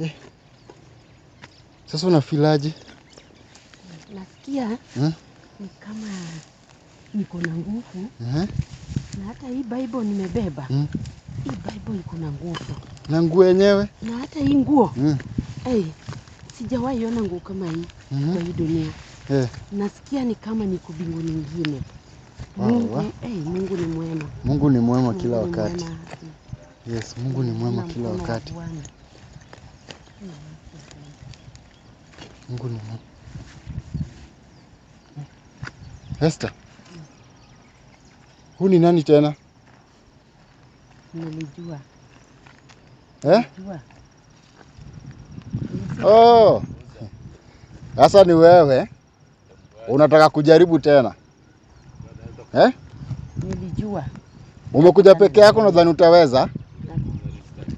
Eh. Sasa unafilaje? Nasikia eh? Ni kama niko na nguvu eh? Na hata hii Bible nimebeba mm. Hii Bible iko na nguvu na nguo yenyewe na hata hii nguo mm. Hey, eh, sijawahi ona nguo kama hii mm -hmm. Kwa hii dunia eh. Nasikia ni kama niko bingu nyingine. Mungu, hey, eh, Mungu ni mwema. Mungu ni mwema kila wakati. Yes, Mungu ni mwema kila wakati. Mungu ni Esther. Huu ni nani tena? Nilijua. Eh? Nilijua. Oh. Sasa ni wewe unataka kujaribu tena eh? Nilijua. Umekuja peke yako, nadhani utaweza.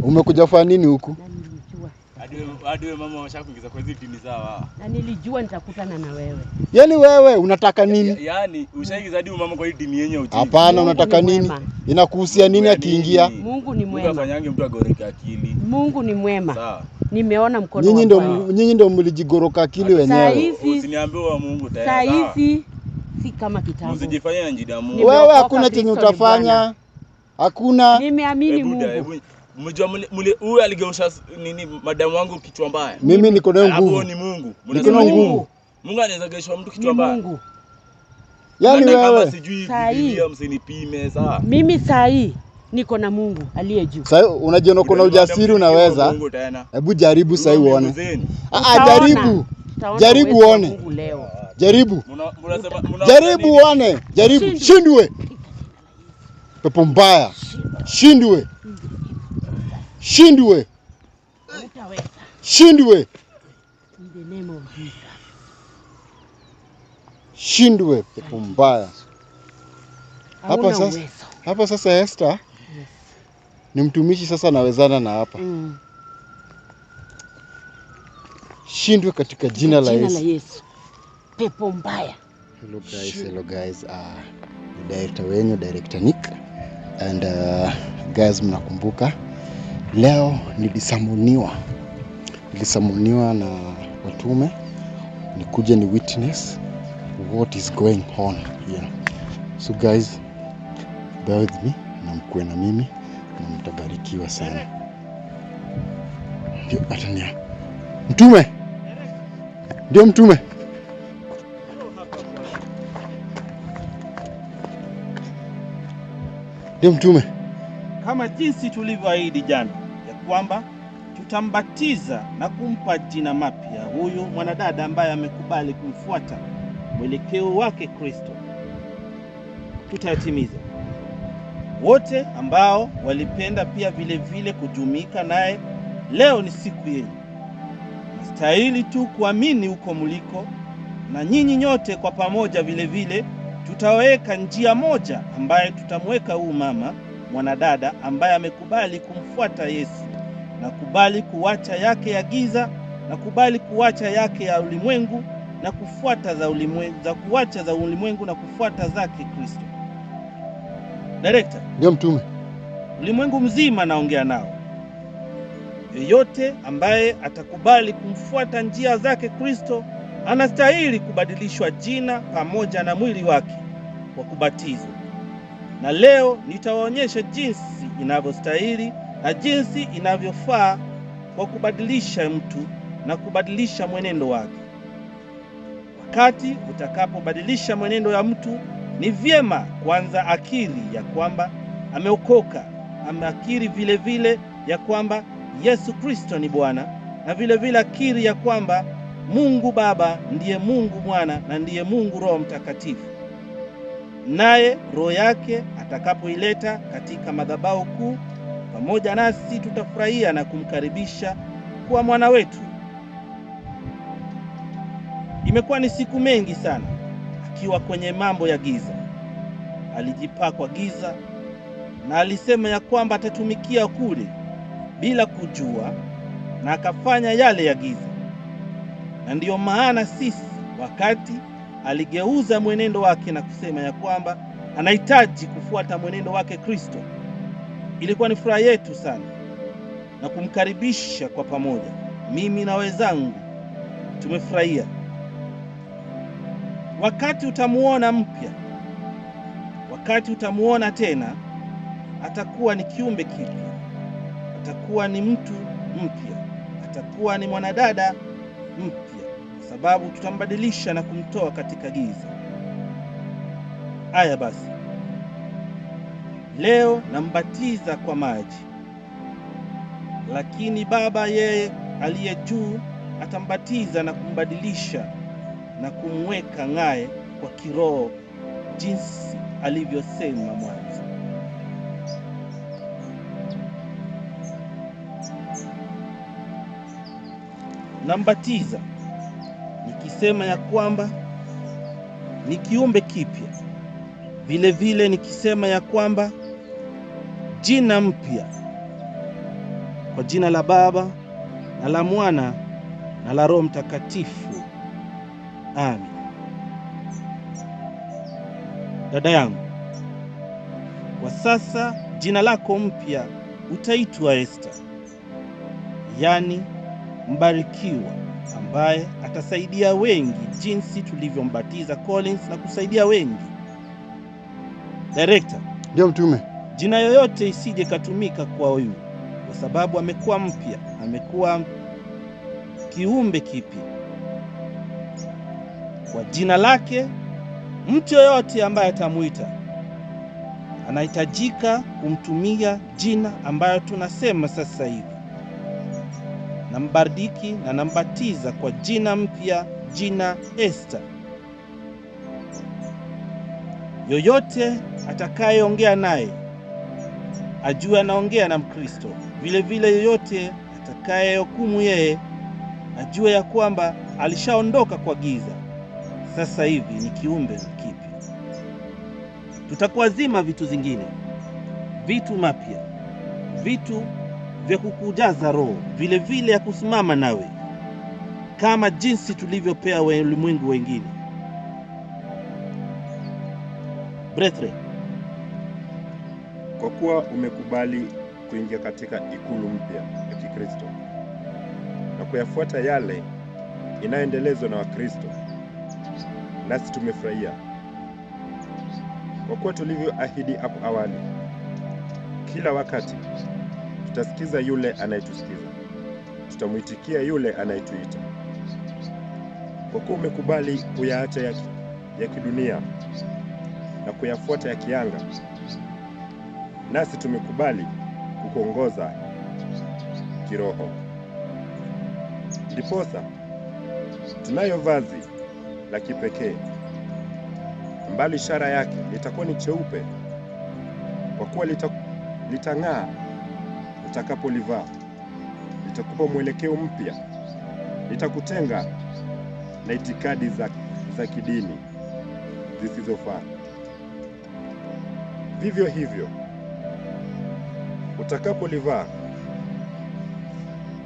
Umekuja fanya nini huku? Hadi wewe mama umeshakuingiza kwa hizi dini zao hawa. Na nilijua nitakutana na wewe. Yaani wewe unataka nini? Ya, Yaani ushaingiza hadi mama kwa hiyo dini yenye ujui. Hapana, unataka nini? Inakuhusia nini akiingia? Mungu ni mwema. Mungu afanyange mtu agoreke akili. Mungu ni mwema. Sawa. Nimeona mkono wako. Nyinyi ndio nyinyi ndio mlijigoroka akili wenyewe. Usiniambie wa Mungu tayari. Sasa hivi si kama kitambo. Usijifanye na njia Mungu. Wewe hakuna chenye utafanya. Hakuna. Nimeamini Mungu. Mmejua mle huyu aligeusha nini madamu wangu kichwa mbaya. Mimi niko nayo nguvu. Hapo ni Mungu. Niko nayo nguvu. Mungu anaweza geusha mtu kichwa mbaya. Mungu. Yaani wewe sijui Biblia msinipime saa. Mimi saa hii niko na Mungu aliye juu. Sasa unajiona kuna ujasiri unaweza. Hebu jaribu sasa uone. Ah, ah jaribu. Jaribu uone. Jaribu. Jaribu uone. Jaribu. Shindwe. Pepo mbaya. Shindwe. Shindi we, shindi we, shindi we, pepo mbaya hapa sasa, hapa sasa Esther, yes. Ni mtumishi sasa nawezana na hapa mm. Shindwe katika jina, la Yesu, Pepo mbaya. Hello guys, hello guys. Uh, director wenyu director Nick and uh, guys mnakumbuka Leo nilisamuniwa, nilisamuniwa na watume nikuje ni witness what is going on here. So guys, bear with me na mkuwe na mimi na mtabarikiwa sana. Ndio atania mtume, ndio mtume ndio mtume, kama jinsi tulivyoahidi jana kwamba tutambatiza na kumpa jina mapya huyu mwanadada ambaye amekubali kumfuata mwelekeo wake Kristo. Tutayatimiza wote ambao walipenda pia vile vile kujumuika naye. Leo ni siku yenu, Nastahili tu kuamini huko mliko, na nyinyi nyote kwa pamoja vile vile tutaweka njia moja ambaye tutamweka huu mama mwanadada ambaye amekubali kumfuata Yesu nakubali kuacha yake ya giza, nakubali kuwacha yake ya ulimwengu na kufuata za ulimwengu, za kuwacha za ulimwengu na kufuata zake Kristo. Director, ndio mtume. Ulimwengu mzima naongea nao, yeyote ambaye atakubali kumfuata njia zake Kristo anastahili kubadilishwa jina pamoja na mwili wake kwa kubatizwa, na leo nitawaonyesha jinsi inavyostahili na jinsi inavyofaa kwa kubadilisha mtu na kubadilisha mwenendo wake. Wakati utakapobadilisha mwenendo ya mtu, ni vyema kwanza akiri ya kwamba ameokoka, ameakiri vile vile ya kwamba Yesu Kristo ni Bwana, na vile vile akiri ya kwamba Mungu Baba ndiye Mungu Mwana na ndiye Mungu Roho Mtakatifu. Naye roho yake atakapoileta katika madhabahu kuu pamoja nasi tutafurahia na kumkaribisha kuwa mwana wetu. Imekuwa ni siku mengi sana akiwa kwenye mambo ya giza. Alijipaa kwa giza na alisema ya kwamba atatumikia kule bila kujua, na akafanya yale ya giza. Na ndiyo maana sisi wakati aligeuza mwenendo wake na kusema ya kwamba anahitaji kufuata mwenendo wake Kristo. Ilikuwa ni furaha yetu sana na kumkaribisha kwa pamoja. Mimi na wenzangu tumefurahia. Wakati utamuona mpya, wakati utamuona tena, atakuwa ni kiumbe kipya, atakuwa ni mtu mpya, atakuwa ni mwanadada mpya, kwa sababu tutambadilisha na kumtoa katika giza. Haya basi. Leo nambatiza kwa maji, lakini Baba yeye aliye juu atambatiza na kumbadilisha na kumweka ng'aye kwa kiroho, jinsi alivyosema mwanzo. Nambatiza nikisema ya kwamba ni kiumbe kipya, vilevile nikisema ya kwamba jina mpya, kwa jina la Baba na la Mwana na la Roho Mtakatifu. Amen. Dada yangu, kwa sasa jina lako mpya utaitwa Esta, yaani mbarikiwa, ambaye atasaidia wengi, jinsi tulivyombatiza Collins na kusaidia wengi. Director, ndio mtume Jina yoyote isije katumika kwa huyu, kwa sababu amekuwa mpya, amekuwa kiumbe kipya. Kwa jina lake mtu yoyote ambaye atamuita anahitajika kumtumia jina ambayo tunasema sasa hivi, mbardiki na nambatiza kwa jina mpya, jina Esta. Yoyote atakayeongea naye ajue anaongea na Mkristo. Vilevile yoyote atakayehukumu yeye ajue ya kwamba alishaondoka kwa giza, sasa hivi ni kiumbe kipya. Tutakuwa zima vitu zingine, vitu mapya, vitu vya kukujaza roho, vilevile ya kusimama nawe kama jinsi tulivyopea ulimwengu wengine. Brethren, kwa kuwa umekubali kuingia katika ikulu mpya ya Kikristo na kuyafuata yale inayoendelezwa na Wakristo, nasi tumefurahia kwa kuwa tulivyoahidi hapo awali, kila wakati tutasikiza yule anayetusikiza, tutamwitikia yule anayetuita. Kwa kuwa umekubali kuyaacha ya, ya kidunia na kuyafuata ya kianga nasi tumekubali kukuongoza kiroho. Ndiposa tunayo vazi la kipekee ambalo ishara yake litakuwa ni cheupe, kwa kuwa litang'aa utakapolivaa, litakupa mwelekeo mpya, litakutenga na itikadi za, za kidini zisizofaa. Vivyo hivyo Utakapolivaa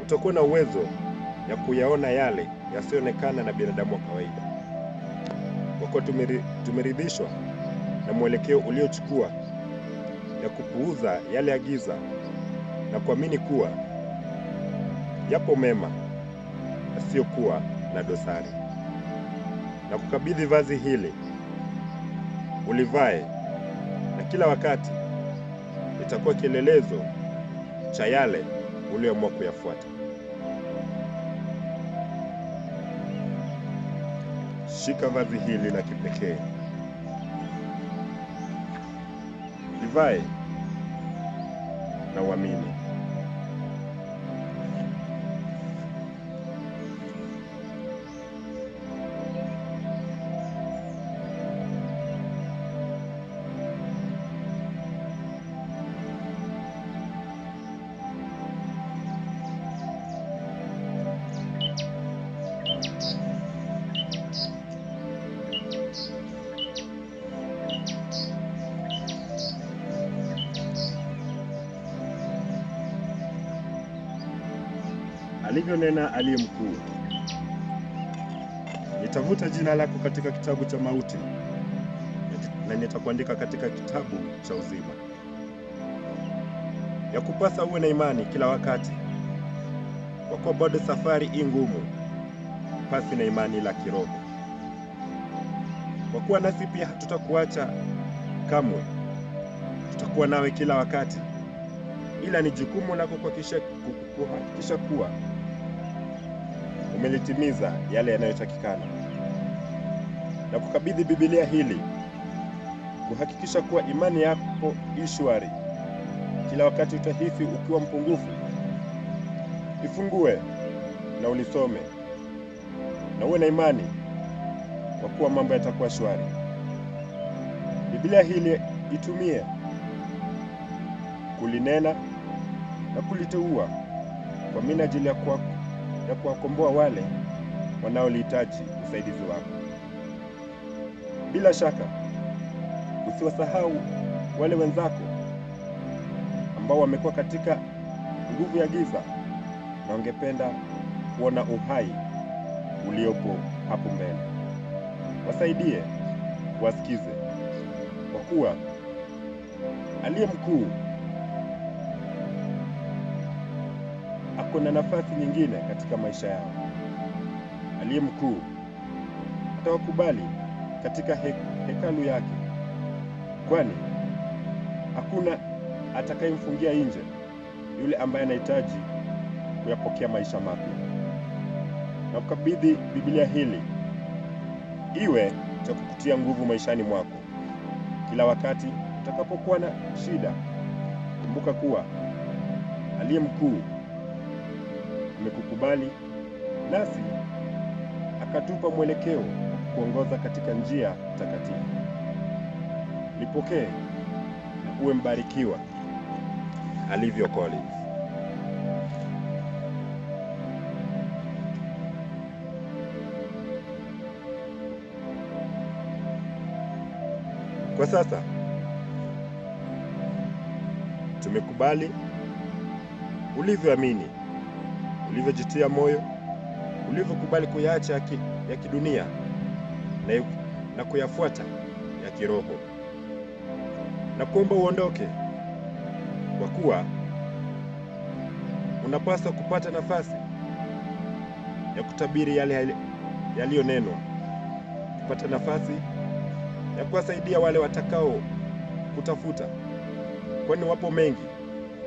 utakuwa na uwezo ya kuyaona yale yasiyoonekana na binadamu wa kawaida, kwa kuwa tumeridhishwa na mwelekeo uliochukua ya kupuuza yale ya giza na kuamini kuwa yapo mema yasiyokuwa na dosari, na kukabidhi vazi hili ulivae, na kila wakati itakuwa kielelezo cha yale uliyoamua kuyafuata. Shika vazi hili la kipekee, livae na uamini. alivyonena aliye mkuu, nitavuta jina lako katika kitabu cha mauti na nitakuandika katika kitabu cha uzima. Ya kupasa uwe na imani kila wakati, kwa kuwa bado safari i ngumu, pasi na imani la kiroho, kwa kuwa nasi pia hatutakuacha kamwe, tutakuwa nawe kila wakati, ila ni jukumu lako kuhakikisha kuwa umelitimiza yale yanayotakikana na kukabidhi Biblia hili kuhakikisha kuwa imani yako i shwari kila wakati utahisi ukiwa mpungufu. Ifungue na ulisome na uwe na imani kwa kuwa mambo yatakuwa shwari. Biblia hili itumie kulinena na kuliteua kwa minajili ya kwako ya kuwakomboa wale wanaolihitaji usaidizi wako. Bila shaka usiwasahau wale wenzako ambao wamekuwa katika nguvu ya giza na wangependa kuona uhai uliopo hapo mbele. Wasaidie, wasikize, kwa kuwa aliye mkuu na nafasi nyingine katika maisha yao. Aliye mkuu atawakubali katika he, hekalu yake, kwani hakuna atakayemfungia nje yule ambaye anahitaji kuyapokea maisha mapya. Na kukabidhi Biblia hili iwe cha kukutia nguvu maishani mwako. Kila wakati utakapokuwa na shida, kumbuka kuwa aliye mkuu amekukubali, nasi akatupa mwelekeo kuongoza katika njia takatifu. Lipokee na uwe mbarikiwa. Alivyo Collins. Kwa sasa tumekubali ulivyoamini ulivyojitia moyo, ulivyokubali kuyaacha ya kidunia na, na kuyafuata ya kiroho. Na kuomba uondoke, kwa kuwa unapaswa kupata nafasi ya kutabiri yale yaliyonenwa, kupata nafasi ya kuwasaidia wale watakao kutafuta, kwani wapo mengi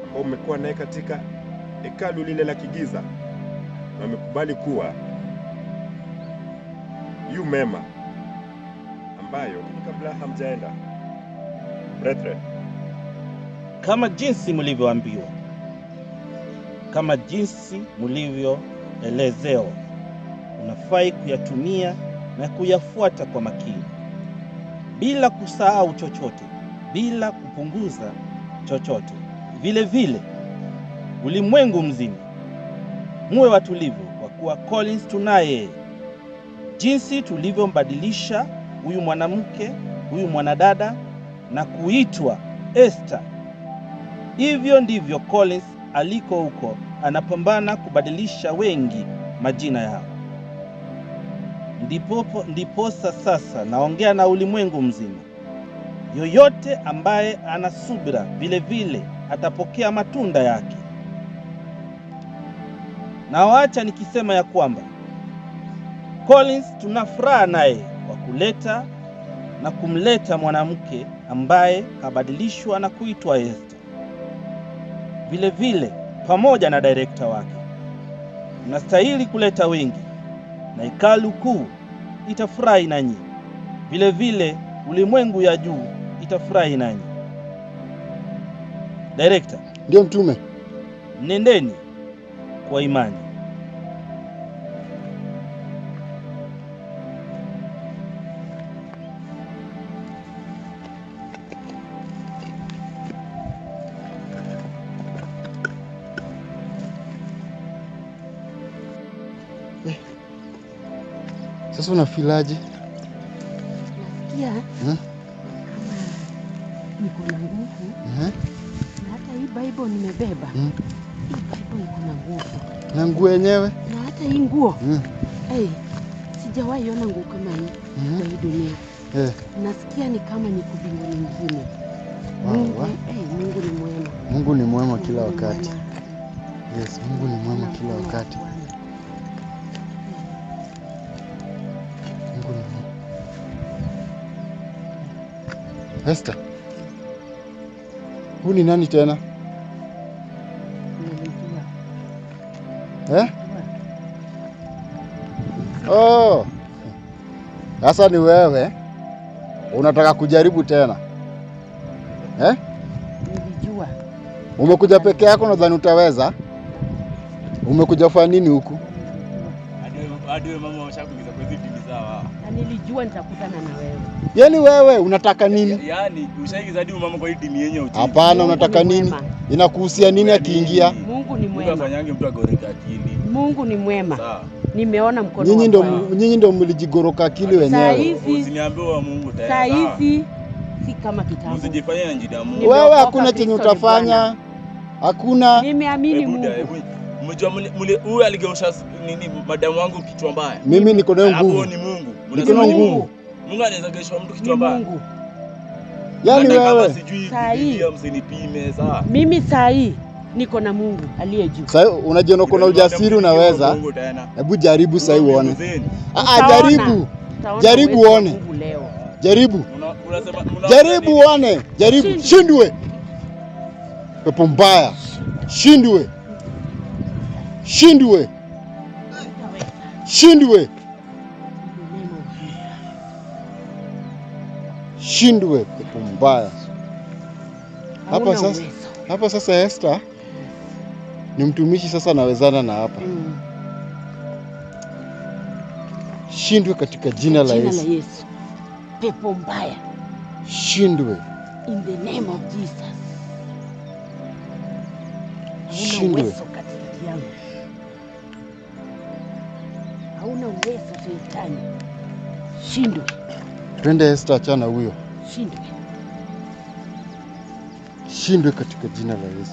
ambao umekuwa naye katika hekalu lile la kigiza na amekubali kuwa yu mema ambayo kabla hamjaenda. Brethren, kama jinsi mlivyoambiwa, kama jinsi mlivyoelezewa, unafai kuyatumia na kuyafuata kwa makini, bila kusahau chochote, bila kupunguza chochote. Vile vile ulimwengu mzima muwe watulivu, kwa kuwa Collins tunaye. Jinsi tulivyombadilisha huyu mwanamke huyu mwanadada na kuitwa Esther, hivyo ndivyo Collins aliko huko, anapambana kubadilisha wengi majina yao. Ndipopo, ndiposa sasa naongea na ulimwengu mzima, yoyote ambaye ana subira vile vile atapokea matunda yake. Na wacha nikisema ya kwamba Collins tuna furaha naye kwa kuleta na kumleta mwanamke ambaye kabadilishwa na kuitwa Esther. Vile vile pamoja na direkta wake tunastahili kuleta wengi, na ikalu kuu itafurahi nanyi, vile vile ulimwengu ya juu itafurahi nanyi. Direkta: Ndiyo mtume. Nendeni kwa imani. Sasa unafilaje? Nasikia kama niko na nguvu na hata hii Bible nimebeba. Hmm? na nguo yenyewe na hata hii nguo hmm. Hey, sijawahi ona nguo kama hii hmm. kwa hii dunia hey. Eh. Nasikia ni kama ni kubingu nyingine. Mungu, hey, Mungu ni mwema, Mungu ni mwema kila wakati Yes, Mungu ni mwema kila wakati Mungu ni... Esther, huu ni nani tena? Eh? Oh. Sasa ni wewe unataka kujaribu tena eh? Nilijua. Umekuja peke yako, nadhani utaweza. Umekuja fanya nini huku? Yaani wewe unataka nini? Yaani, Hapana, unataka nini? Inakuhusia nini akiingia afanyange mtu agoroke akili. Mungu ni mwema. Sawa. Nimeona mkono wako. nyinyi ndio nyinyi ndio mlijigoroka akili wenyewe. Usiniambie wa Mungu tayari. Sasa hivi si kama kitambo. Usijifanye na njida Mungu. Wewe hakuna chenye utafanya. Hakuna. Nimeamini Mungu. Huyu aligeusha nini madamu wangu kichwa mbaya. Mimi niko nayo nguvu. Hapo Ni Mungu. Niko nayo nguvu. Mungu anaweza geusha mtu kichwa mbaya. Mungu. Yaani wewe. Sijui Biblia msinipime saa. Mimi saa hii niko na Mungu aliye juu. Sasa unajiona kuna ujasiri, unaweza. Hebu jaribu sasa uone. Ah, ah jaribu. Jaribu uone. Jaribu. Jaribu uone. Jaribu. Shindwe. Pepo mbaya. Shindwe. Shindwe. Shindwe. Shindwe pepo mbaya. Hapa sasa, hapa sasa Esther ni mtumishi sasa, anawezana na hapa mm. Shindwe katika jina, la Yesu, Yesu. Pepo mbaya shindwe in the name of Jesus. Shindwe. Hauna uwezo katikati hauna uwezo shetani, shindwe. Twende Esta, achana huyo, shindwe, shindwe katika jina la Yesu.